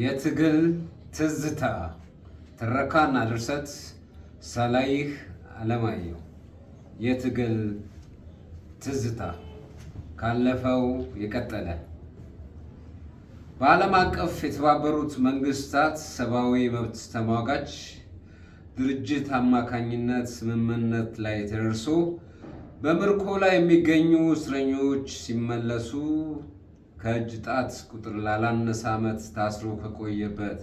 የትግል ትዝታ ትረካና ድርሰት ሰላይህ አለማየሁ። የትግል ትዝታ ካለፈው የቀጠለ በዓለም አቀፍ የተባበሩት መንግስታት ሰብአዊ መብት ተሟጋች ድርጅት አማካኝነት ስምምነት ላይ ተደርሶ በምርኮ ላይ የሚገኙ እስረኞች ሲመለሱ ከእጅ ጣት ቁጥር ላላነሰ ዓመት ታስሮ ከቆየበት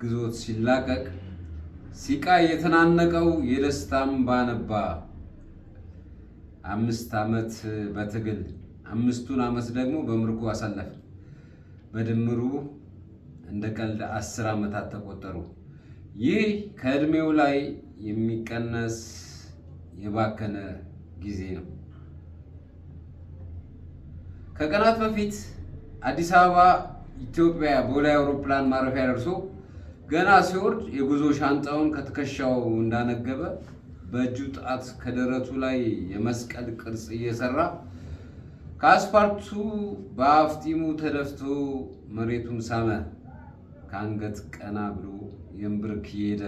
ግዞት ሲላቀቅ ሲቃይ የተናነቀው የደስታ እምባ ነባ። አምስት ዓመት በትግል አምስቱን ዓመት ደግሞ በምርኮ አሳለፈ። በድምሩ እንደ ቀልድ አስር ዓመታት ተቆጠሩ። ይህ ከዕድሜው ላይ የሚቀነስ የባከነ ጊዜ ነው። ከቀናት በፊት አዲስ አበባ ኢትዮጵያ ቦሌ አውሮፕላን ማረፊያ ደርሶ ገና ሲወርድ የጉዞ ሻንጣውን ከትከሻው እንዳነገበ በእጁ ጣት ከደረቱ ላይ የመስቀል ቅርጽ እየሰራ ከአስፓልቱ በአፍጢሙ ተደፍቶ መሬቱን ሳመ። ከአንገት ቀና ብሎ የንብርክ ሄደ።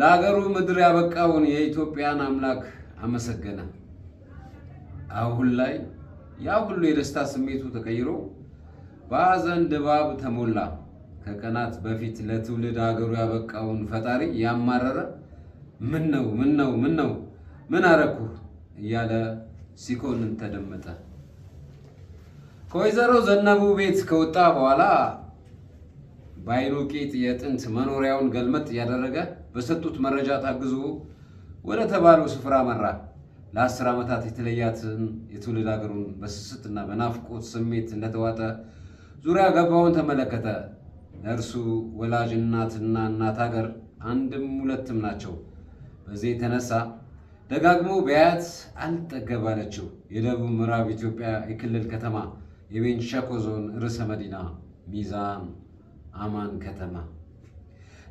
ለሀገሩ ምድር ያበቃውን የኢትዮጵያን አምላክ አመሰገነ። አሁን ላይ ያ ሁሉ የደስታ ስሜቱ ተቀይሮ በሐዘን ድባብ ተሞላ። ከቀናት በፊት ለትውልድ አገሩ ያበቃውን ፈጣሪ ያማረረ ምን ነው ምን ነው ምን ነው ምን አረኩህ እያለ ሲኮንን ተደመጠ። ከወይዘሮ ዘነቡ ቤት ከወጣ በኋላ በአይኑ ቂጥ የጥንት መኖሪያውን ገልመጥ እያደረገ በሰጡት መረጃ ታግዞ ወደ ተባለው ስፍራ መራ። ለአስር ዓመታት የተለያትን የትውልድ ሀገሩን በስስትና በናፍቆት ስሜት እንደተዋጠ ዙሪያ ገባውን ተመለከተ። ለእርሱ ወላጅ እናትና እናት ሀገር አንድም ሁለትም ናቸው። በዚህ የተነሳ ደጋግሞ ቢያያት አልጠገባለችው። የደቡብ ምዕራብ ኢትዮጵያ የክልል ከተማ የቤንች ሸኮ ዞን ርዕሰ መዲና ሚዛን አማን ከተማ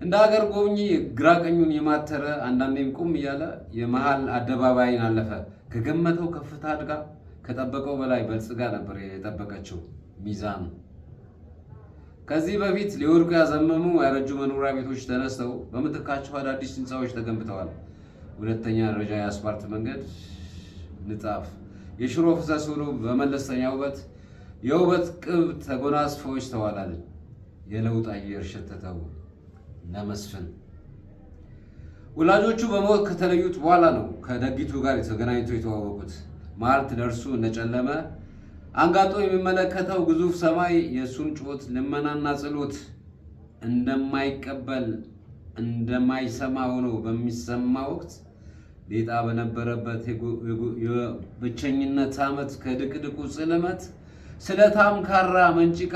እንደ ሀገር ጎብኚ ግራ ቀኙን የማተረ አንዳንዴም ቁም እያለ የመሃል አደባባይን አለፈ። ከገመተው ከፍታ አድጋ ከጠበቀው በላይ በልጽጋ ነበር የጠበቀችው ሚዛን ከዚህ በፊት ሊወድቁ ያዘመሙ ያረጁ መኖሪያ ቤቶች ተነስተው በምትካቸው አዳዲስ ህንፃዎች ተገንብተዋል። ሁለተኛ ደረጃ የአስፓልት መንገድ ንጣፍ የሽሮ ፍሰስ ብሎ በመለስተኛ ውበት የውበት ቅብ ተጎናጽፎች ተዋላል። የለውጥ አየር ሸተተው ለመስፍን ወላጆቹ በሞት ከተለዩት በኋላ ነው ከደጊቱ ጋር ተገናኝቶ የተዋወቁት። ማርት ለእርሱ እንደጨለመ አንጋጦ የሚመለከተው ግዙፍ ሰማይ የእሱን ጩኸት ልመናና ጸሎት እንደማይቀበል እንደማይሰማ ሆኖ በሚሰማ ወቅት ሌጣ በነበረበት የብቸኝነት ዓመት ከድቅድቁ ጽልመት ስለታም ካራ መንጭቃ